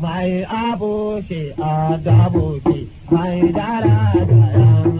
mai abuce a dabuce mai dara da yan